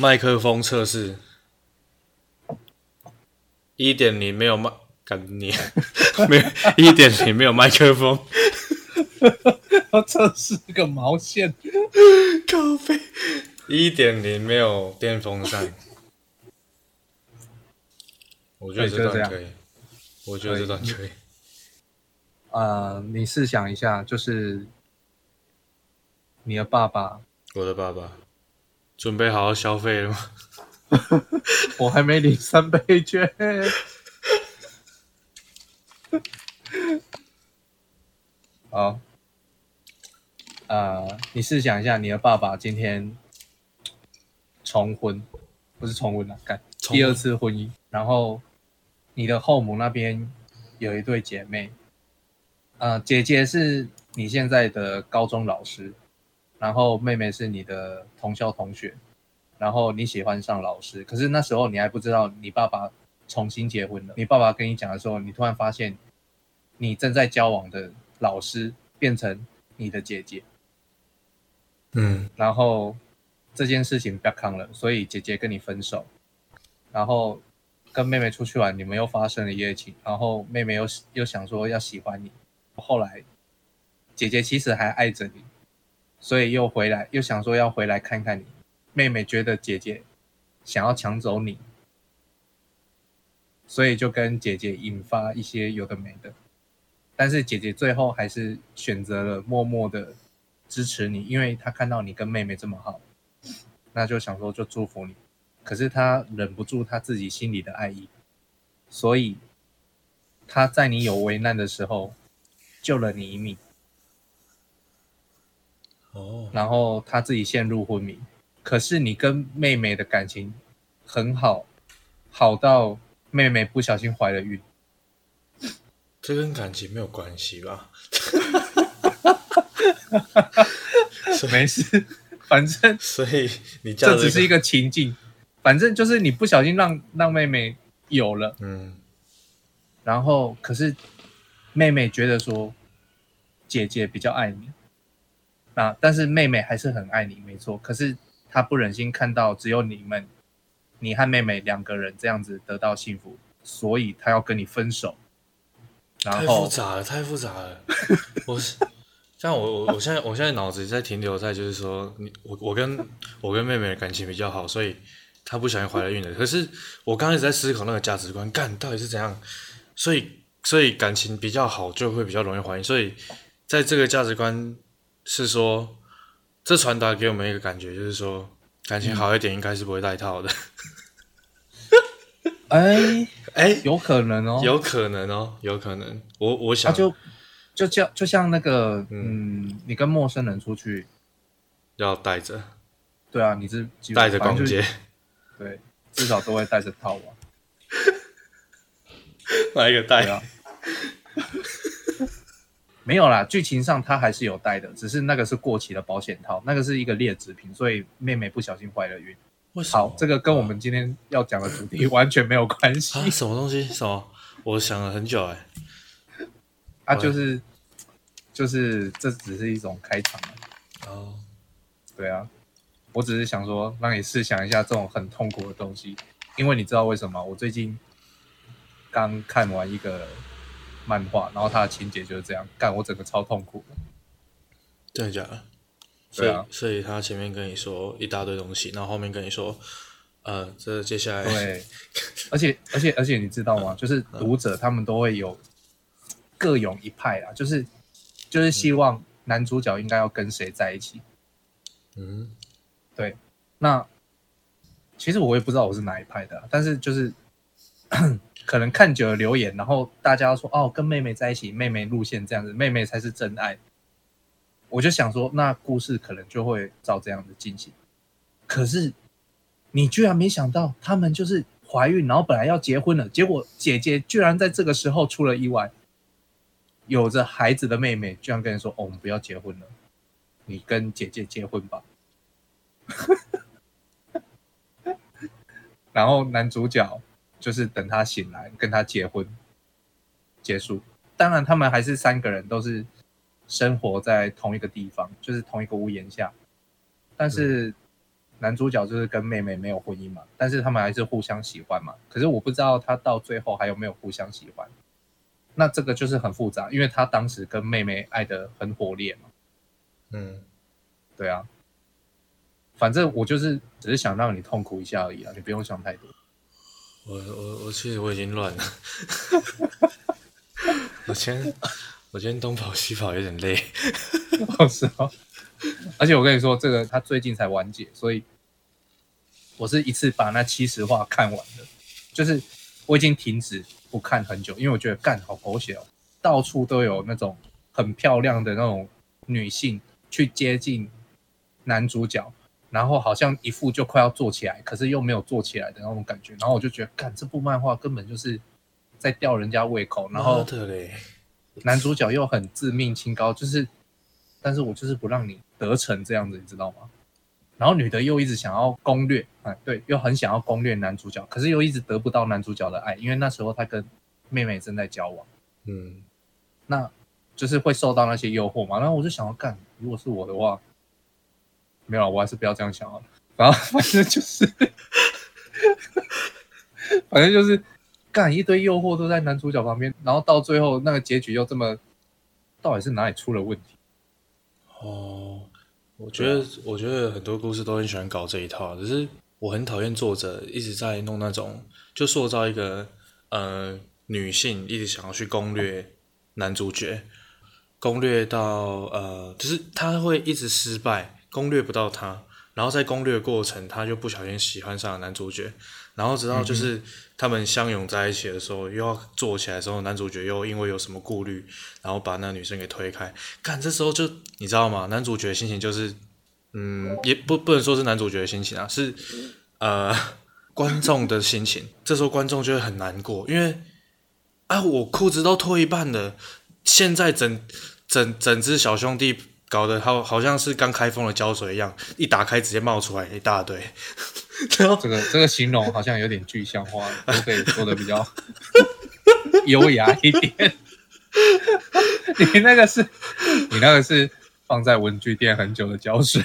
麥克風測試，一點零沒有麥，沒一點零沒有麥克風，我測試個毛線？咖啡，一點零沒有電風扇。我覺得這段可以，我覺得這段可以。呃，你試想一下，就是你的爸爸，我的爸爸。準備好好消費了嗎？ 我還沒領三倍券。 好，呃，你試想一下，你的爸爸今天重婚？不是重婚了，啊，幹第二次婚姻婚。然後你的後母那邊有一對姐妹，呃，姐姐是你現在的高中老師。然後妹妹是你的同校同學，然後你喜歡上老師，可是那時候你還不知道你爸爸重新結婚了。你爸爸跟你講的時候，你突然發現你正在交往的老師變成你的姐姐。嗯，然後這件事情不要扛了，所以姐姐跟你分手，然後跟妹妹出去玩，你們又發生了一夜情，然後妹妹又又想說要喜歡你。後來姐姐其實還愛着你。所以又回來，又想說要回來看看你。妹妹覺得姐姐想要搶走你，所以就跟姐姐引發一些有的沒的。但是姐姐最後還是選擇了默默的支持你，因為她看到你跟妹妹這麼好，那就想說就祝福你。可是她忍不住她自己心裡的愛意，所以她在你有危難的時候救了你一命。哦，然後他自己陷入昏迷。可是你跟妹妹的感情很好，好到妹妹不小心懷了孕。這跟感情沒有關係吧？ 沒事，反正所以你、這個、這只是一個情境，反正就是你不小心讓讓妹妹有了，嗯。然後可是妹妹覺得說姐姐比較愛你。那、啊、但是妹妹還是很愛你，沒錯。可是她不忍心看到只有你們，你和妹妹兩個人這樣子得到幸福，所以她要跟你分手，然後。太複雜了，太複雜了。 我是像我我我現在我現在腦子在停留在就是說你我我跟我跟妹妹的感情比較好，所以她不小心懷了孕了。 可是我剛剛一直在思考那個價值觀，幹到底是怎樣？所以所以感情比較好就會比較容易懷孕，所以在這個價值觀。是說，這傳達給我們一個感覺，就是說感情好一點，應該是不會戴套的。哎、嗯、哎， 有可能哦，有可能哦，有可能。我我想，啊、就就像就像那個嗯，嗯，你跟陌生人出去，要帶着。對啊，你是帶着逛街，就是，對，至少都會戴着套啊。 哪一個帶？沒有啦，劇情上他還是有戴的，只是那個是過期的保險套，那個是一個劣質品，所以妹妹不小心懷了孕為。好，這個跟我們今天要講的主題完全沒有關係，啊。什麼東西？什麼？我想了很久，欸，哎、 啊，啊就是，就是這只是一種開場，欸。哦、oh.，對啊，我只是想說讓你試想一下這種很痛苦的東西，因為你知道為什麼？我最近剛看完一個。漫畫，然後他的情節就是這樣幹，我整個超痛苦的。真的假的？對啊所，所以他前面跟你說一大堆東西，然後後面跟你說，呃，這個、接下來對， 而且而且而且你知道嗎、嗯？就是讀者他們都會有各有一派啊，就是就是希望男主角應該要跟誰在一起。嗯，對。那其實我也不知道我是哪一派的、啊，但是就是。 可能看久了留言，然後大家都說哦，跟妹妹在一起，妹妹路線這樣子，妹妹才是真愛。我就想說，那故事可能就會照這樣的進行。可是你居然沒想到，他們就是懷孕，然後本來要結婚了，結果姐姐居然在這個時候出了意外，有着孩子的妹妹居然跟你說：“哦，我們不要結婚了，你跟姐姐結婚吧。 ” 然後男主角。就是等他醒來，跟他結婚結束。當然，他們還是三個人，都是生活在同一個地方，就是同一個屋檐下。但是男主角就是跟妹妹沒有婚姻嘛，但是他們還是互相喜歡嘛。可是我不知道他到最後還有沒有互相喜歡。那這個就是很複雜，因為他當時跟妹妹愛得很火烈嘛。嗯，對啊。反正我就是只是想讓你痛苦一下而已啊，你不用想太多。我我我其實我已經亂了， 我今天我今天東跑西跑有點累，好失望，而且我跟你說，這個他最近才完結，所以我是一次把那七十話看完了，就是我已經停止不看很久，因為我覺得幹，好狗血哦，到處都有那種很漂亮的那種女性去接近男主角。然後好像一副就快要做起來，可是又沒有做起來的那種感覺。然後我就覺得，看這部漫畫根本就是在吊人家胃口。然後，男主角又很自命清高，就是，但是我就是不讓你得逞這樣子，你知道嗎？然後女的又一直想要攻略，哎，對，又很想要攻略男主角，可是又一直得不到男主角的愛，因為那時候他跟妹妹正在交往。嗯，那就是會受到那些誘惑嘛。然後我就想要幹，如果是我的話。沒有、啊，我還是不要這樣想了、啊。然後反正就是，反正就是，幹一堆誘惑都在男主角旁邊，然後到最後那個結局又這麼，到底是哪裡出了問題？哦，我覺得，啊、我覺得很多故事都很喜歡搞這一套，只是我很討厭作者一直在弄那種，就塑造一個呃女性一直想要去攻略男主角，攻略到呃，只、就是她會一直失敗。攻略不到他，然後在攻略的過程，他就不小心喜歡上了男主角，然後直到就是他們相擁在一起的時候，嗯、又要做起來的時候，男主角又因為有什麼顧慮，然後把那女生給推開。看這時候就你知道嗎？男主角的心情就是，嗯，也不不能說是男主角的心情啊，是呃觀眾的心情。 這時候觀眾就會很難過，因為啊我褲子都脫一半了，現在整整整，整隻小兄弟。搞得好好像是剛開封的膠水一樣，一打開直接冒出來一大堆。然 後 這個這個形容好像有點具象化了，可以說的比較優雅一點。 你那個是，你那個是放在文具店很久的膠水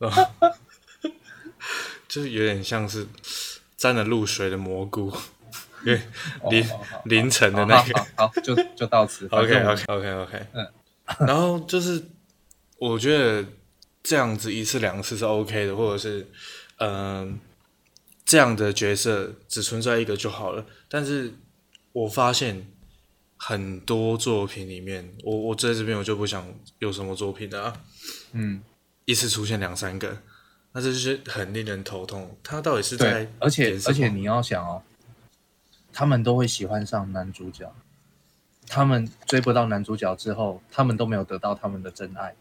嗎？ 就是有點像是沾了露水的蘑菇 因為凌凌晨的那個。 好,好,好,好，就就到此。OK，OK，OK，OK、okay,。Okay, okay, okay. 嗯。 然後就是，我覺得這樣子一次兩次是 OK 的，或者是，嗯、呃，這樣的角色只存在一個就好了。但是我發現很多作品裡面，我我在這邊我就不想有什麽作品的，啊，嗯，一次出現兩三個，那這就是很令人頭痛。他到底是在，而且而且你要想哦，他們都會喜歡上男主角。他們追不到男主角之後，他們都沒有得到他們的真愛，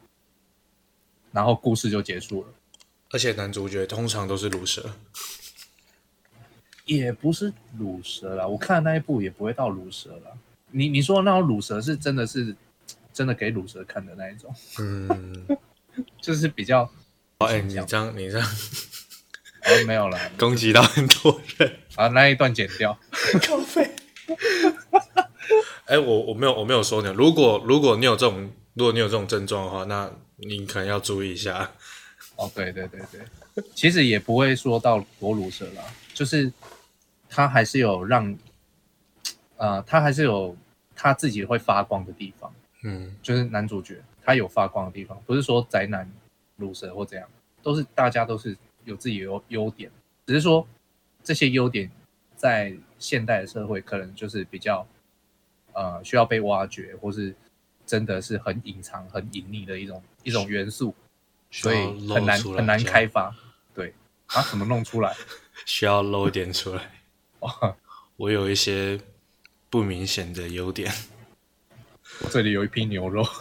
然後故事就結束了。而且男主角通常都是魯蛇，也不是魯蛇啦。我看的那一部也不會到魯蛇啦。你你說那種魯蛇是真的是真的給魯蛇看的那一種？嗯，就是比較像像……哎、欸，你這樣你這樣、啊，哎，沒有了，攻擊到很多人，把、啊、那一段剪掉， 哎、欸，我我沒有我沒有說你。如果如果你有這種，如果你有這種症狀的話，那你可能要注意一下。哦，對對對對， 其實也不會說到多魯蛇啦，就是他還是有讓、呃，他還是有他自己會發光的地方。嗯，就是男主角他有發光的地方，不是說宅男魯蛇或怎樣，都是大家都是有自己有優優點，只是說這些優點在現代的社會可能就是比較。呃，需要被挖掘，或是真的是很隱藏、很隱秘的一種一種元素，所以很難很難開發。對，啊，怎麼弄出來？需要露一點出來。 我有一些不明顯的優點，這裡有一批牛肉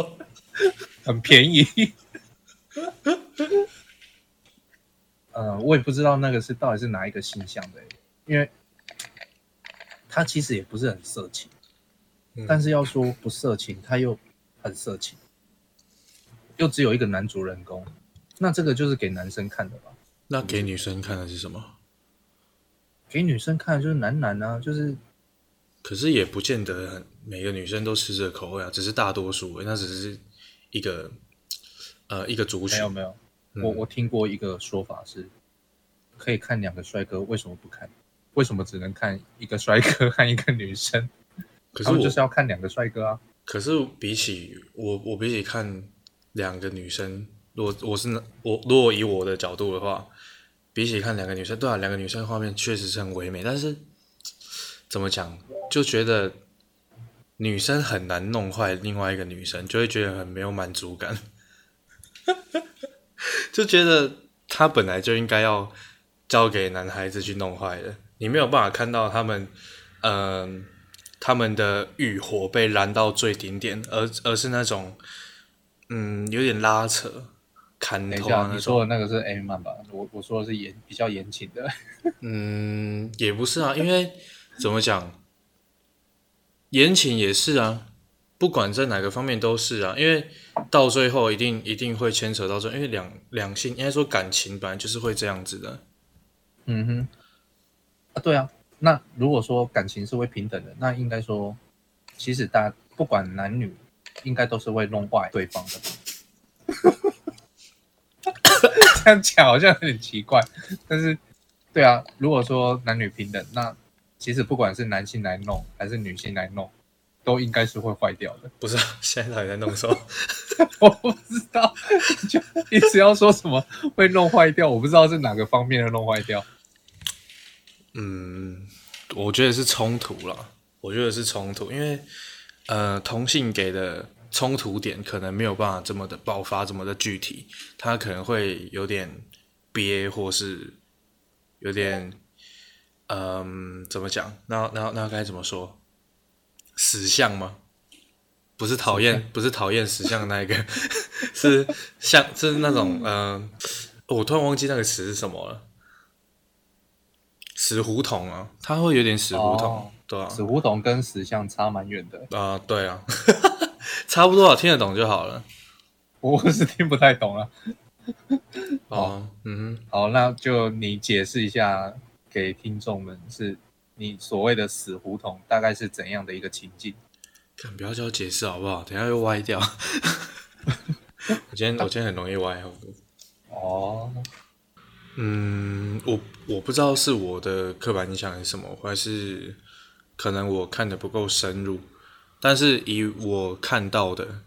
很便宜 。呃，我也不知道那個是到底是哪一個星象的、欸，因為。他其實也不是很色情，嗯，但是要說不色情，他又很色情，又只有一個男主人公，那這個就是給男生看的吧？那給女生看的是什麼？給女生看的就是男男啊，就是。可是也不見得每個女生都吃這口味啊，只是大多數，欸，那只是一個呃一個族群。沒有沒有，嗯，我我聽過一個說法是，可以看兩個帥哥，為什麼不看？為什麼只能看一個帥哥和一個女生？可是我他們就是要看兩個帥哥啊！可是比起我，我比起看兩個女生，如果我是我，如果以我的角度的話，比起看兩個女生，對啊，兩個女生畫面確實是很唯美，但是怎麼講，就覺得女生很難弄壞另外一個女生，就會覺得很沒有滿足感， 就覺得她本來就應該要交給男孩子去弄壞的。你沒有辦法看到他們，嗯、呃，他們的慾火被燃到最頂點，而而是那種，嗯，有點拉扯，砍頭、啊、那種。你說的那個是 A man 吧？我我說的是嚴比較嚴謹的。嗯，也不是啊，因為怎麼講，嚴 情也是啊，不管在哪個方面都是啊，因為到最後一定一定會牽扯到這，因為兩兩性應該說感情本來就是會這樣子的。嗯哼。啊，對啊，那如果說感情是會平等的，那應該說，其實大不管男女，應該都是會弄壞對方的吧？ 這樣講好像很奇怪，但是，對啊，如果說男女平等，那其實不管是男性來弄還是女性來弄，都應該是會壞掉的。不是現在還在弄什麼？ 我不知道，就一直要說什麼會弄壞掉，我不知道是哪個方面會弄壞掉。嗯，我覺得是衝突了。我覺得是衝突，因為呃，同性給的衝突點可能沒有辦法這麼的爆發，這麼的具體，他可能會有點憋，或是有點嗯、呃，怎麼講？那那那該怎麼說？石像嗎？不是討厭，不是討厭石像的那一個， 是像，是那種嗯、呃哦，我突然忘記那個詞是什麼了。死胡同啊，他會有點死胡同，哦、對啊，死胡同跟死相差蠻遠的啊、呃，對啊， 差不多啊，聽得懂就好了，我，我是聽不太懂了、啊哦。哦，嗯，好，那就你解釋一下給聽眾們，是你所謂的死胡同大概是怎樣的一個情境？不要叫我解釋好不好？等下又歪掉。 我今天，啊、我今天很容易歪哦。哦。嗯，我我不知道是我的刻板印象還是什麼，還是可能我看的不夠深入。但是以我看到的，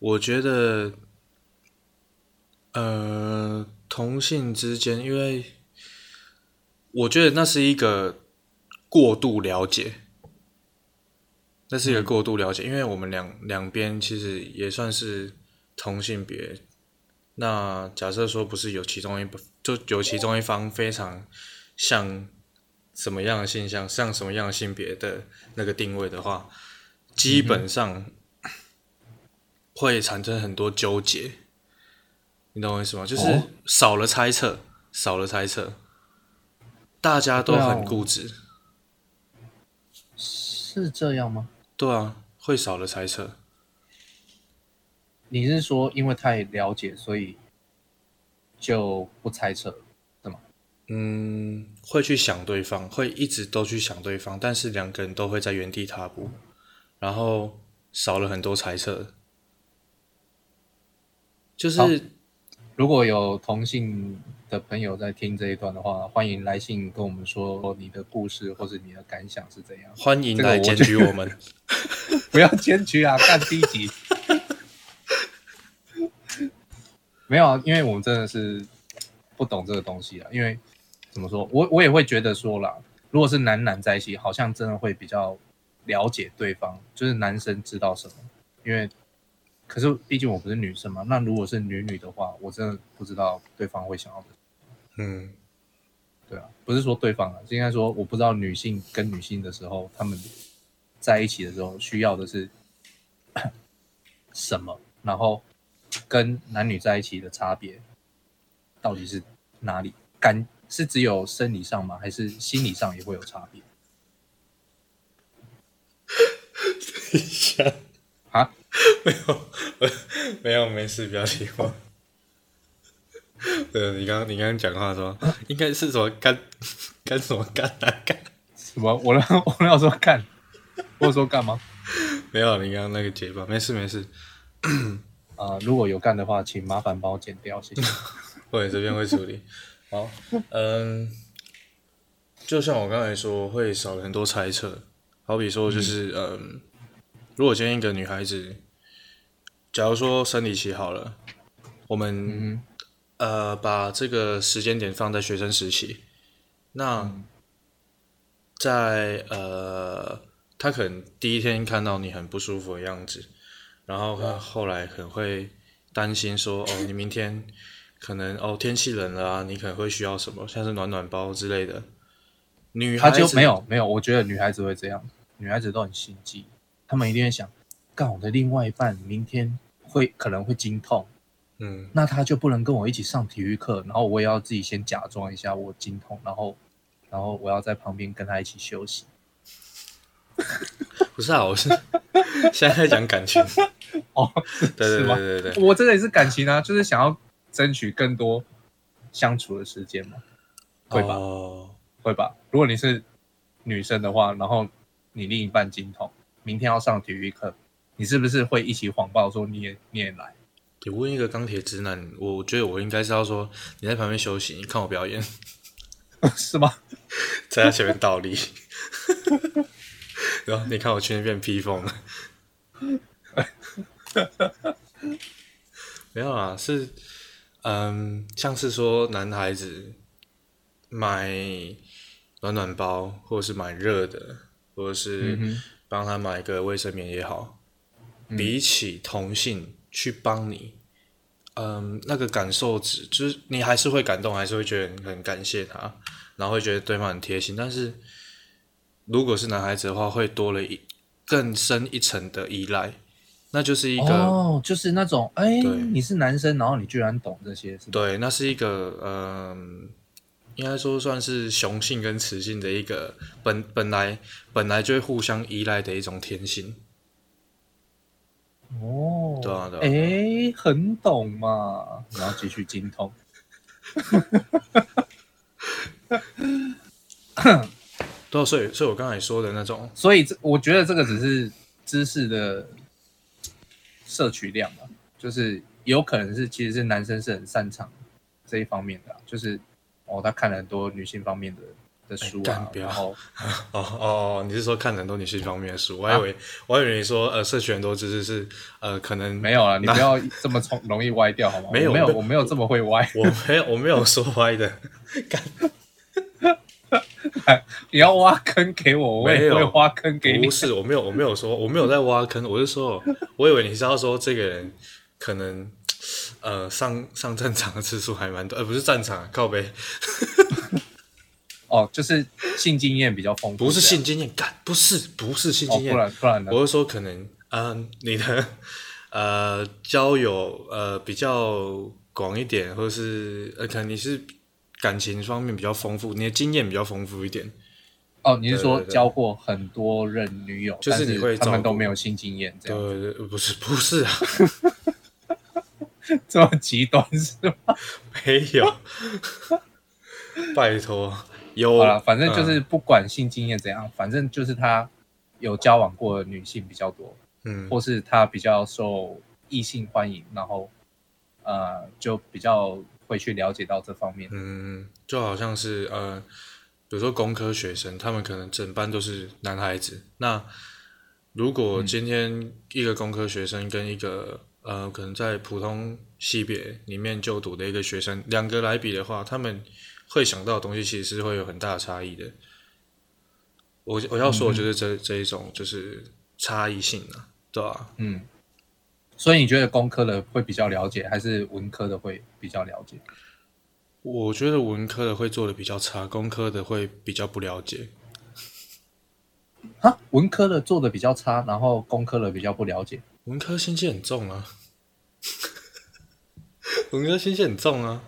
我覺得，呃，同性之間，因為我覺得那是一個過度了解，嗯、那是一個過度了解，因為我們兩兩邊其實也算是同性別。那假設說不是有其中一部分，就有其中一方非常像什麼樣的現象，像什麼樣的性別的那個定位的話，基本上會產生很多糾結，嗯。你懂我意思嗎？就是少了猜測，哦，少了猜測，大家都很固執啊。是這樣嗎？對啊，會少了猜測。你是說因為太了解，所以？就不猜測，對嗎？嗯，會去想對方，會一直都去想對方，但是兩個人都會在原地踏步，然後少了很多猜測。就是如果有同性的朋友在聽這一段的話，歡迎來信跟我們說你的故事，或者你的感想是怎樣。歡迎來檢舉我們，這個、我 不要檢舉啊，幹第一集。沒有啊，因為我們真的是不懂這個東西啊。因為怎麼說，我我也會覺得說啦，如果是男男在一起，好像真的會比較了解對方，就是男生知道什麼。因為可是畢竟我不是女生嘛，那如果是女女的話，我真的不知道對方會想要的什麼。嗯，對啊，不是說對方啊，應該說我不知道女性跟女性的時候，他們在一起的時候需要的是 什麼，然後。跟男女在一起的差別，到底是哪裡幹？是只有生理上嗎？還是心理上也會有差別？等一下啊，沒有我，沒有，沒事，不要急我。 對你剛你剛講話說、啊、應該是什麼幹幹什麼幹啊幹？什麼？我讓我要我說幹，我說幹嗎？ 沒有，你剛那個結巴，沒事沒事。 啊、呃，如果有幹的話，請麻煩幫我剪掉，謝謝。 會，這邊會處理。 好，嗯，就像我剛才說，會少很多猜測。好比說，就是嗯、呃，如果今天一個女孩子，假如說生理期好了，我們、嗯、呃把這個時間點放在學生時期。那、嗯、在呃，她可能第一天看到你很不舒服的樣子。然後他後來可能會擔心說哦，你明天可能哦天氣冷了啊，你可能會需要什麼，像是暖暖包之類的。女孩他就沒有沒有，我覺得女孩子會這樣，女孩子都很心機，她們一定會想，看我的另外一半明天會可能會經痛，嗯，那他就不能跟我一起上體育課，然後我也要自己先假裝一下我經痛，然後然後我要在旁邊跟他一起休息。 不是啊，我是現在在講感情哦，oh, 對，對對對對對，我這個也是感情啊，就是想要爭取更多相處的時間嘛，oh. 會吧，會吧。如果你是女生的話，然後你另一半精通，明天要上體育課，你是不是會一起謊報說你也你也來？你問一個鋼鐵直男，我覺得我應該是要說你在旁邊休息，你看我表演， 是嗎？在他前面倒立。 然後你看我去那邊披風了，沒有啊？是，嗯，像是說男孩子買暖暖包，或者是買熱的，或者是幫他買一個衛生棉也好、嗯，比起同性去幫你嗯，嗯，那個感受值，就是你還是會感動，還是會覺得很感謝他，然後會覺得對方很貼心，但是。如果是男孩子的話，會多了一更深一層的依賴，那就是一個哦，就是那種哎、欸，你是男生，然後你居然懂這些，是是對，那是一個嗯、呃，應該說算是雄性跟雌性的一個本本來本來就會互相依賴的一種天性。哦，對啊，對啊，哎、啊欸，很懂嘛， 然後繼續精通。 啊對，所以，所以我剛才說的那種。所以這，我覺得這個只是知識的攝取量嘛，就是有可能是，其實是男生是很擅長這一方面的，啊，就是哦，他看了很多女性方面的的書，啊不要，然 哦哦，哦，你是說看很多女性方面的書？啊，我還以為我還以為你說呃，攝取很多知識是呃，可能沒有了，你不要這麼容容易歪掉，好嗎？ 沒有沒有我，我沒有這麼會歪我，我沒有我沒有說歪的。 你要挖坑給我，我也挖坑給你。不是，我沒有，我沒有說，我沒有在挖坑。 我是說，我以為你是要說這個人可能呃上上戰場的次數還蠻多，而、呃、不是戰場靠北。靠 哦，就是性經驗比較豐富，不是性經驗感，不是不是性經驗。突然突然，然我是說可能呃你的呃交友呃比較廣一點，或者是呃可能你是。感情方面比較豐富，你的經驗比較豐富一點。哦，你是說對對對交過很多任女友，就是你會但是他們都沒有性經驗這樣？呃，不是，不是啊， 這麼極端是嗎？沒有， 拜託，有啊，反正就是不管性經驗怎樣，嗯，反正就是他有交往過的女性比較多，嗯，或是他比較受異性歡迎，然後呃，就比較。會去了解到這方面，嗯，就好像是呃，比如說工科學生，他們可能整班都是男孩子。那如果今天一個工科學生跟一個、嗯、呃，可能在普通系別裡面就讀的一個學生，兩個來比的話，他們會想到的東西其實是會有很大的差異的。我我要說就是，我覺得這這一種就是差異性啊，對吧？嗯。所以你覺得工科的會比較了解，還是文科的會比較了解？我覺得文科的會做得比較差，工科的會比較不了解。啊，文科的做得比較差，然後工科的比較不了解。文科心機很重啊！ 文科心機很重啊！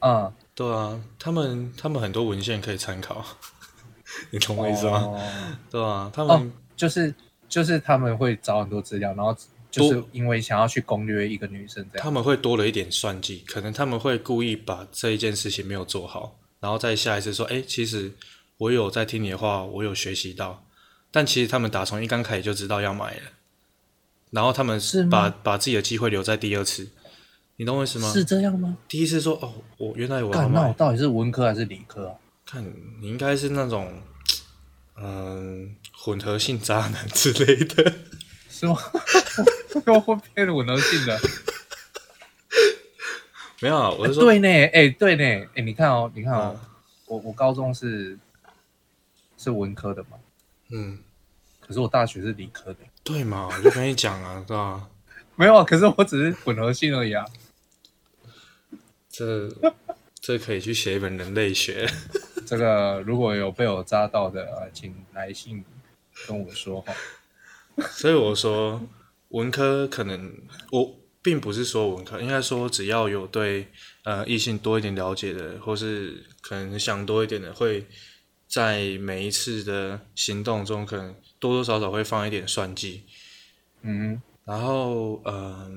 啊、嗯，對啊，他們他們很多文獻可以參考， 你懂我意思嗎？哦、對啊，他們、哦、就是就是他們會找很多資料，然後。就是因為想要去攻略一個女生，這樣他們會多了一點算計，可能他們會故意把這一件事情沒有做好，然後再下一次說：“哎、欸，其實我有在聽你的話，我有學習到。”但其實他們打從一剛開始就知道要買了，然後他們把是把把自己的機會留在第二次，你懂我意思嗎？是這樣嗎？第一次說：“哦，我原來有要買。”到底是文科還是理科啊？看你應該是那種嗯混合性渣男之類的。是嗎？我，高分配的，吻合性的？沒有，啊，我是說對呢，誒、欸，對呢，誒、欸欸欸，你看哦，你看哦，啊、我我高中是是文科的嘛，嗯，可是我大學是理科的，對嘛？我就跟你講啊， 是吧？沒有啊，可是我只是混合性而已啊。這這可以去寫一本人類學。 這個如果有被我扎到的，請來信跟我說話。 所以我說，文科，可能我並不是說文科，應該說只要有對呃異性多一點了解的，或是可能想多一點的，會在每一次的行動中可能多多少少會放一點算計。嗯，然後嗯，呃、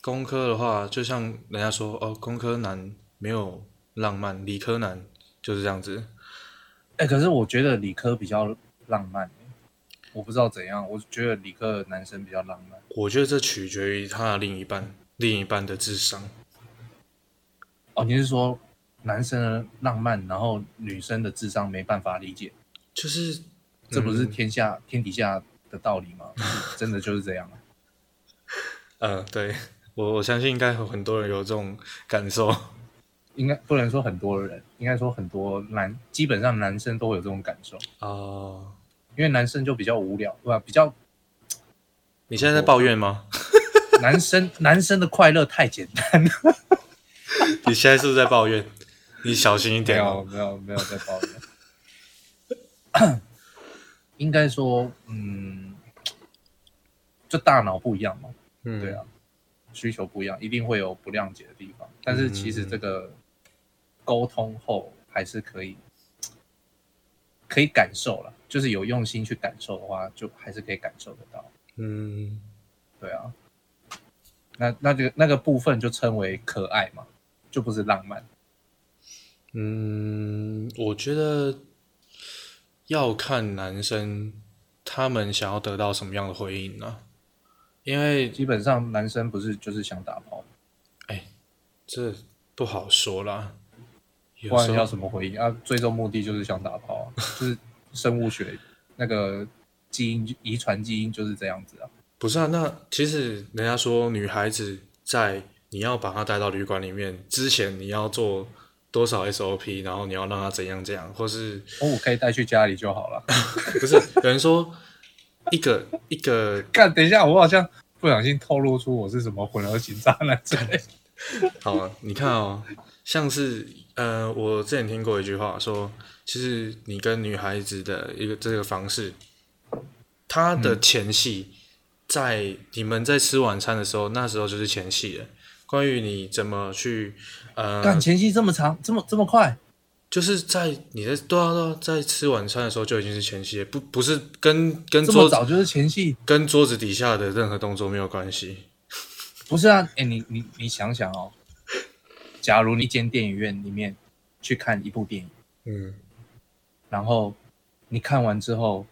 工科的話，就像人家說哦，工科男沒有浪漫，理科男就是這樣子。哎、欸，可是我覺得理科比較浪漫。我不知道怎樣，我覺得理科男生比較浪漫。我覺得這取決於他的另一半，另一半的智商。哦，你是說男生浪漫，然後女生的智商沒辦法理解？就是，這不是天下、嗯、天底下的道理嗎？真的就是這樣嗯、啊 呃，對我我相信應該有很多人有這種感受。應該不能說很多人，應該說很多男，基本上男生都會有這種感受。哦。因為男生就比較無聊，對吧、啊？比較，你現在在抱怨嗎？男生， 男生的快樂太簡單了。你現在是不是在抱怨？ 你小心一點哦、啊。 沒有，沒有在抱怨。 應該說，嗯，就大腦不一樣嘛、嗯。對啊，需求不一樣，一定會有不諒解的地方。但是其實這個溝通後還是可以，可以感受了。就是有用心去感受的話，就還是可以感受得到。嗯，對啊。那那個那個部分就稱為可愛嘛，就不是浪漫。嗯，我覺得要看男生他們想要得到什麼樣的回應呢、啊？因為基本上男生不是就是想打炮？哎，這不好說啦，不管你要什麼回應啊？最終目的就是想打炮、啊，就是。 生物學那個基因遺傳基因就是這樣子啊？不是啊，那其實人家說女孩子，在你要把她帶到旅館裡面之前，你要做多少 SOP，然後你要讓她怎樣怎樣，或是哦，我可以帶去家裡就好了。 不是有人說 一個一個看，等一下，我好像不小心透露出我是什麼混合型渣男之類。好啊，你看哦，像是呃，我之前聽過一句話說。其實你跟女孩子的一個這個方式，他的前戲在你們在吃晚餐的時候，那時候就是前戲了。關於你怎麼去呃，幹前戲這麼長，這麼這麼快，就是在你在對對、啊啊、在吃晚餐的時候就已經是前戲了，不不是跟跟桌子這麼早就是前戲，跟桌子底下的任何動作沒有關係。不是啊，哎、欸、你你你想想哦，假如你一間電影院裡面去看一部電影，嗯。然後你看完之後，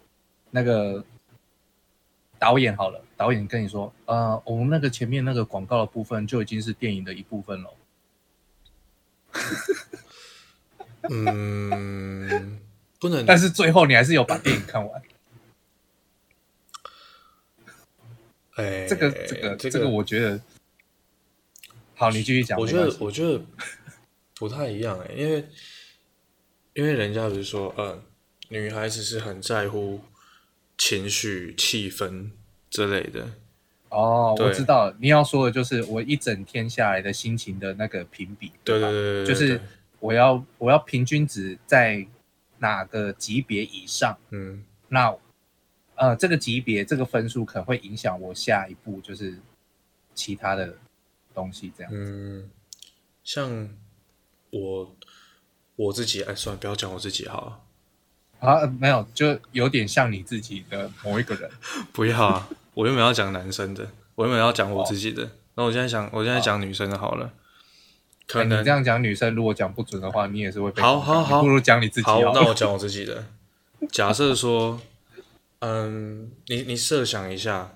那個導演好了，導演跟你說：“呃，我們那個前面那個廣告的部分就已經是電影的一部分了。”嗯， 不能。但是最後你還是有把電影看完。哎，這個這個這個，這個這個、我覺得好，你繼續講。我覺得我覺得不太一樣哎、欸，因為。因為人家不是說，呃，女孩子是很在乎情緒、氣氛之類的。哦，我知道你要說的就是我一整天下來的心情的那個評比。對對對對、啊。就是我要我要平均值在哪個級別以上？嗯。那呃，這個級別，這個分數可能會影響我下一步，就是其他的東西這樣。嗯，像我。我自己哎，算了，不要講我自己好了。啊，沒有，就有點像你自己的某一個人。 不要、啊，我原本要講男生的，我原本要講我自己的。那、哦、我現在想，我現在講女生的好了。啊、可能、欸、你這樣講女生，如果講不準的話，你也是會被好好好，好好不如講你自己。好， 好，那我講我自己的。假設說，嗯，你你設想一下，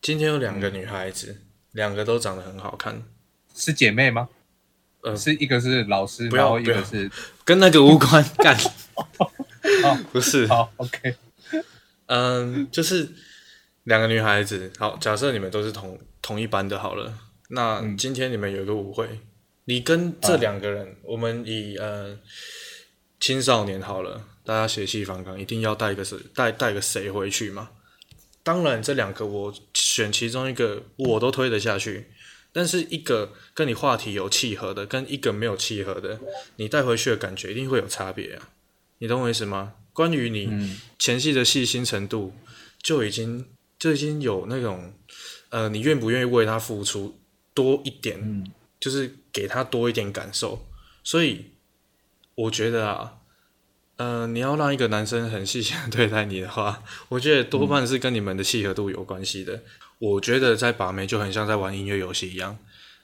今天有兩個女孩子，嗯、兩個都長得很好看，是姐妹嗎？呃，是一個是老師，不要然後一個是跟那個無關 幹， 不是好、oh, OK， 嗯，就是兩個女孩子。好，假設你們都是同同一班的好了，那今天你們有個舞會，嗯、你跟這兩個人，啊、我們以呃青少年好了，大家血氣方剛，一定要帶一個誰帶帶個誰回去嘛？當然，這兩個我選其中一個，我都推得下去。但是一個跟你話題有契合的，跟一個沒有契合的，你帶回去的感覺一定會有差別啊！你懂我意思嗎？關於你前戲的細心程度、嗯，就已經就已經有那種，呃，你願不願意為他付出多一點、嗯，就是給他多一點感受。所以我覺得啊，呃，你要讓一個男生很細心的對待你的話，我覺得多半是跟你們的契合度有關係的。嗯我覺得在把妹就很像在玩音樂遊戲一樣。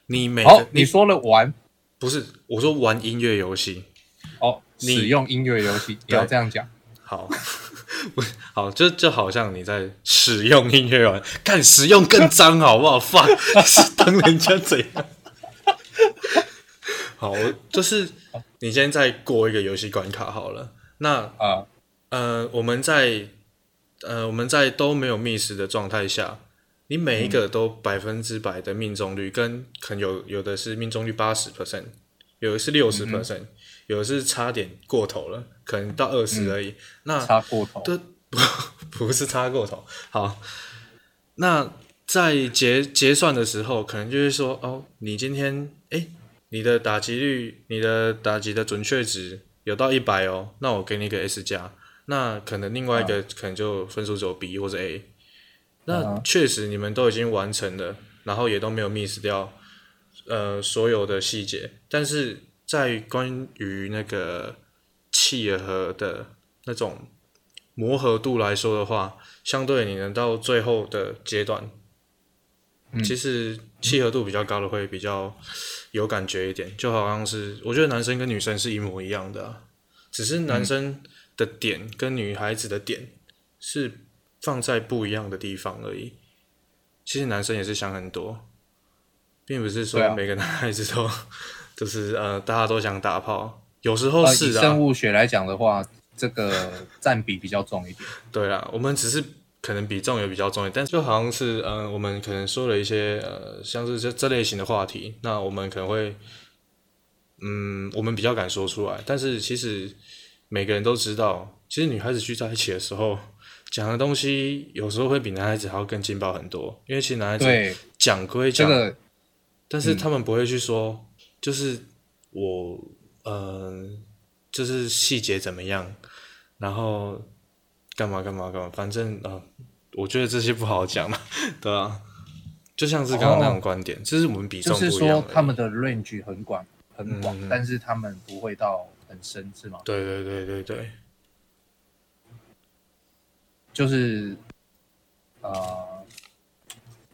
你每、oh, 你，你說了玩，不是我說玩音樂遊戲哦，使用音樂遊戲也要這樣講好，不 好就就好像你在使用音樂玩，看使用更髒好不好？放 是當人家怎樣？ 好，就是你現在過一個遊戲關卡好了。那啊、uh. 呃，我們在呃我們在都沒有 miss 的狀態下。你每一個都百分之百的命中率，嗯、跟可能有有的是命中率八十 percent，有的是六十 percent，有的是差點過頭了，可能到二十而已。嗯、那差過頭？對，不不是差過頭。好，那在結結算的時候，可能就是說哦，你今天哎、欸，你的打擊率，你的打擊的準確值有到一百哦，那我給你個 S 加。那可能另外一個可能就分數只有 B 或者 A。那確實，你們都已經完成了，Uh-huh. 然後也都沒有 miss 掉，呃，所有的細節。但是在關於那個契合的那種磨合度來說的話，相對你能到最後的階段，嗯，其實契合度比較高的會比較有感覺一點。就好像是，我覺得男生跟女生是一模一樣的啊，只是男生的點跟女孩子的點是。放在不一樣的地方而已。其實男生也是想很多，並不是說每個男孩子都，啊、 就是呃，大家都想打炮。有時候是、啊呃、生物學來講的話，這個佔比比較重一點。 對啦，我們只是可能比重也比較重一點，但是就好像是嗯、呃，我們可能說了一些呃，像是這這類型的話題，那我們可能會，嗯，我們比較敢說出來。但是其實每個人都知道，其實女孩子聚在一起的時候。講的東西有時候會比男孩子還要更勁爆很多，因為其實男孩子講歸講，但是他們不會去說，就是我、嗯、呃，就是細節怎麼樣，然後幹嘛幹嘛幹嘛，反正啊、呃，我覺得這些不好講嘛， 對啊，就像是剛剛那種觀點、哦，就是我們比重不一樣，就是說、他們的 range 很廣很廣、嗯，但是他們不會到很深，是嗎？對對對對對，對。就是，呃，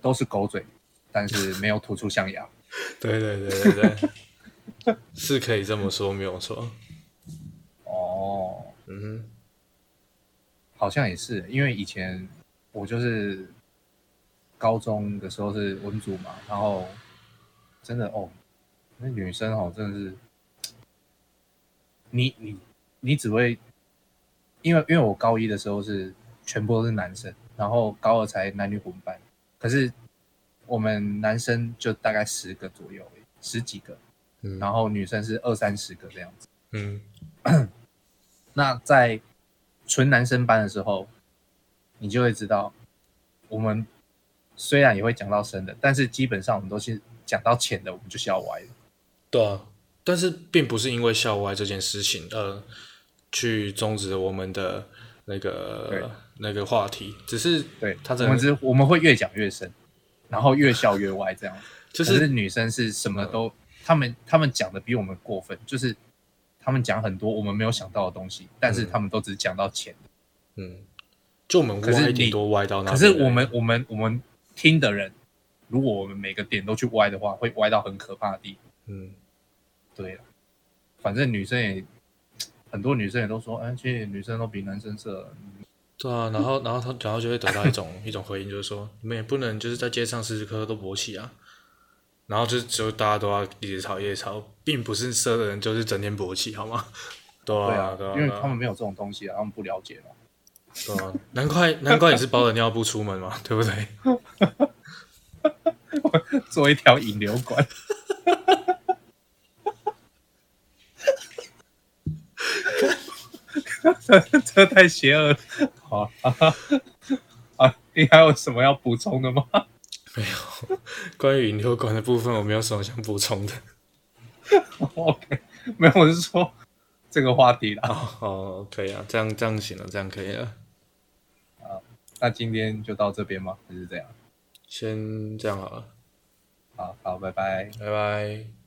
都是狗嘴，但是沒有吐出象牙。 對對對對對， 是可以這麼說，沒有錯。哦，嗯，好像也是，因為以前我就是高中的時候是文組嘛，然後真的哦，那女生哦，真的是，你你你只會，因為因為我高一的時候是。全部都是男生，然後高二才男女混班，可是我們男生就大概十個左右，十幾個，嗯，然後女生是二三十個這樣子。嗯， 那在純男生班的時候，你就會知道，我們雖然也會講到深的，但是基本上我們都是講到淺的，我們就笑歪了。對，啊，但是並不是因為笑歪這件事情而，呃，去終止我們的那個。那個話題只是他對它，我們只我們會越講越深，然後越笑越歪，這樣 就是、是女生是什麼都，麼他們他們講的比我們過分，就是他們講很多我們沒有想到的東西，嗯、但是他們都只講到錢，嗯，就我們可是你多歪到，可是我們我們我們聽的人，如果我們每個點都去歪的話，會歪到很可怕的地嗯，對呀，反正女生也，很多，女生也都說，哎，其實女生都比男生色。對啊，然後然後他然後就會得到一種 一種回應，就是說你們也不能就是在街上時時刻刻都勃起啊，然後就就大家都要一直吵，一直吵，並不是所有的人就是整天勃起，好嗎？對啊，對啊，對啊對啊因為他們沒有這種東西啊,啊，他們不了解嘛。對啊，難怪難怪你是包着尿布出門嘛， 對不對？ 做一條引流管。 這太邪惡了，好啊，啊，啊，你還有什麼要補充的嗎？沒有，關於引流管的部分，我沒有什麼想補充的。 OK，沒有，我是說這個話題了。哦，可以，哦，啊，這樣這樣行了，這樣可以了。好，那今天就到這邊嗎？還是這樣？先這樣好了。好好，拜拜，拜拜。